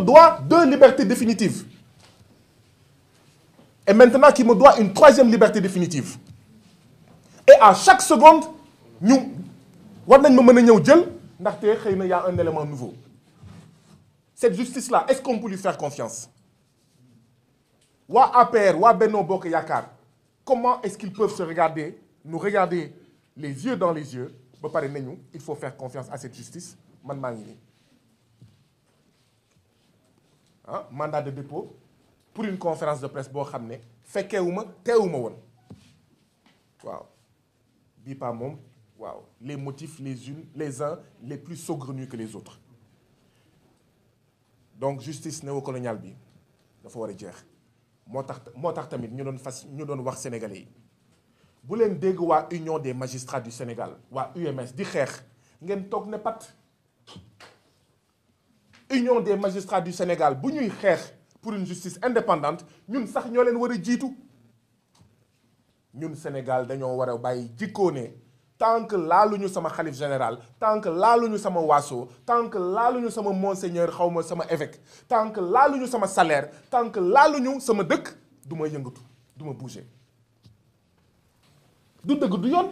doit deux libertés définitives. Et maintenant qui me doit une troisième liberté définitive. Et à chaque seconde, nous, nous il a un élément nouveau. Cette justice-là, est-ce qu'on peut lui faire confiance Wa APR, Wa Bok Yakar, comment est-ce qu'ils peuvent se regarder, nous regarder les yeux dans les yeux Il faut faire confiance à cette justice. Ah, mandat de dépôt pour une conférence de presse savoir xam ne fekkewuma ou waaw bii pas mom waaw les motifs les les uns les plus saugrenus que les autres donc justice néocoloniale bi faut le dire, jeex suis motax nous tamit ñu doon fas ñu doon wax sénégalais Si bu len dégg union des magistrats du Sénégal ou UMS di xex ngeen tok ne pat union des magistrats du Sénégal bu ñuy pour une justice indépendante ñun sax ñoo leen war a ñun Sénégal dañoo war a bàyyi jikkoo que tant que laaluñu sama calife général tant que laaluñu sama wasso, tant que laaluñu sama monseigneur xaw ma sama évêque tant que laaluñu sama salaire tant que laaluñu sama dëkk du nous yëngatu du ma bouger du dëgg du yoon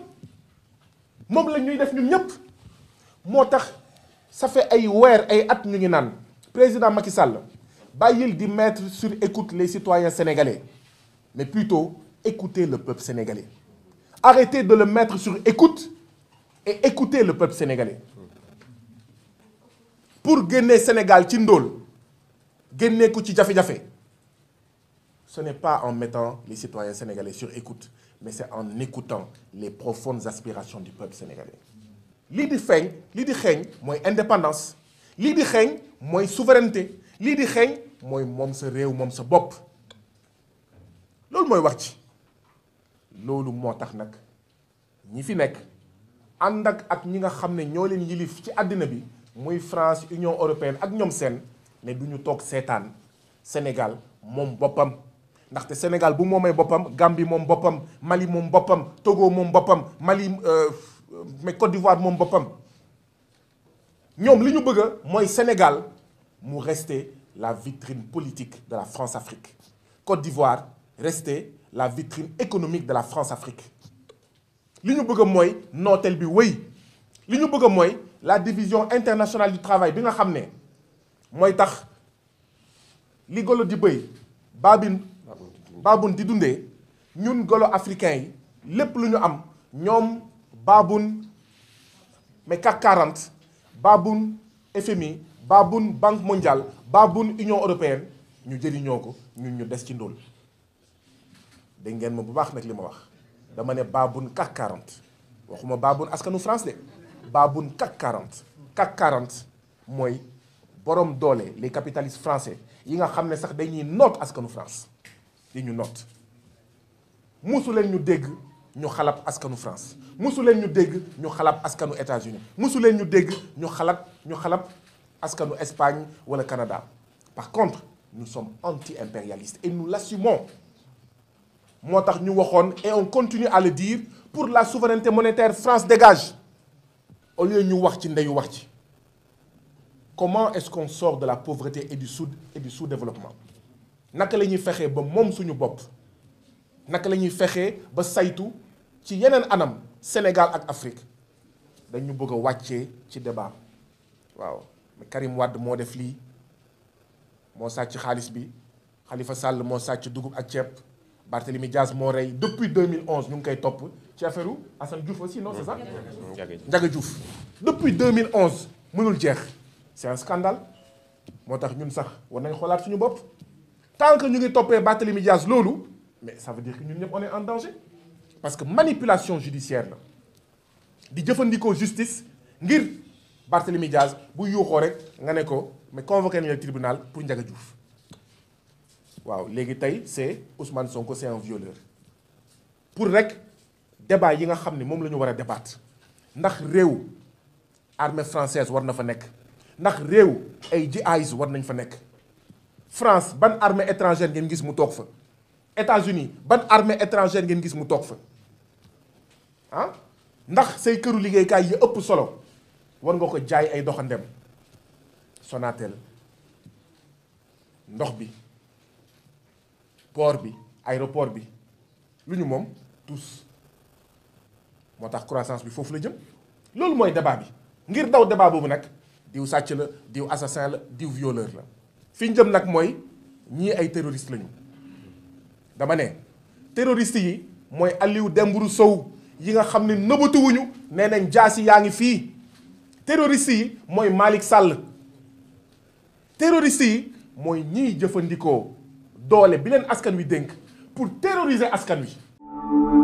moom la ñuy def ñun ñëpp moo ça fait ay ay at président Macky Sall dit mettre sur écoute les citoyens sénégalais mais plutôt écouter le peuple sénégalais arrêtez de le mettre sur écoute et écoutez le peuple sénégalais pour le Sénégal ci ndol ce n'est pas en mettant les citoyens sénégalais sur écoute mais c'est en écoutant les profondes aspirations du peuple sénégalais li di feeñ li di xeeñ moi indépendance li di xeeñ mooy souveraineté li di xeeñ mooy moom sa réew moom sa bopp loolu mooy wax ci loolu moo tax nag ñi fi nekk ànd ak ñi nga xam ne yilif ci àddina bi muy France Union européenne ak ñoom seen ne duñu Sénégal moom boppam ndaxte Sénégal bu moomee boppam Gambie moom Mali moom boppam Togo Mali. Euh, euh, mais Côte d'Ivoire mon bopam. Nous, li Sénégal nous la vitrine politique de la France-Afrique Côte d'Ivoire rester la vitrine économique de la France-Afrique li bëgg bi li la division internationale du travail bi nga nous ne nous tax nous, di nous Nous di golo africain Baboun mais quarante 40 Baboun FMI Baboun Banque mondiale Baboun Union européenne ñu jëriñoo ko ñun ñu des ci ndool dégg ngeen ma bu baax nag li ma wax dama ne Baboun CAC 40 waxuma Baboun askanu France de Baboun CAC 40 CAC 40 mooy boroom doole les capitalistes français yi nga xam ne sax dañuy noot askanu France di ñu noot mosu leen ñu dégg. ñu xalab askanu France musu len ñu dégg ñu xalab askanu États-Unis musu len ñu dégg ñu xalab ñu xalab askanu Espagne wala Canada par contre nous sommes anti-impérialistes et nous l'assumons motax ñu waxone et on continue à le dire pour la souveraineté monétaire France dégage au lieu ñu wax ci ndeyu wax ci comment est-ce qu'on sort de la pauvreté et du sous et du sous-développement naka lañuy fexé ba mom suñu bop naka lañuy fexé ba saytu ci yenen anam Sénégal ak Afrique dañu bëgg a ci débat waaw Karim wad moo def lii moo sàcc xaalis bi Khalifa Sall moo sàcc dugub ak ceeb Barthélemy Diaz moo rey depuis 2011 ñu ngi koy topp ci affaire Assane Diouf aussi non c'est ça. Ndiaga Diouf depuis 2011 mënul jeex c'est un scandale moo tax ñun sax war nañ xoolaat suñu bopp tant que ñu ngi toppee Barthélemy Diaz loolu mais ça veut dire que ñun ñëpp on est en danger parce que manipulation judiciaire la di justice ngir Barthélemy Diaz bu mais convoquer tribunal pour Ndiaga Diouf waaw c'est Ousmane Sonko c'est un violeur pour rek débat yi nga armée française war na fa nek ndax war nañ fa France ban armée étrangère ngeen gis États-Unis ban armée étrangère ngeen gis Ah? ndax say këru liggéeykaay yi ëpp solo war nga ko jaay ay doxandem Sonatel ndox bi port bi aéroport bi lu ñu moom tous moo tax croissance bi foofu la jëm loolu mooy débat bi ngir daw débat boobu nag diw sàcc la diw assassin la diw violeur la fi ñu jëm nag mooy ñii ay terroriste lañu dama ne terroriste yi mooy Aliou Dembourou Sow yi nga xam ne nëbbatuwuñu nee nañ jaasi yaa ngi fii terroriste yi mooy Malick Sall terroriste yi mooy ñiy jëfandikoo doole bi askan wi dénk pour terroriser askan wi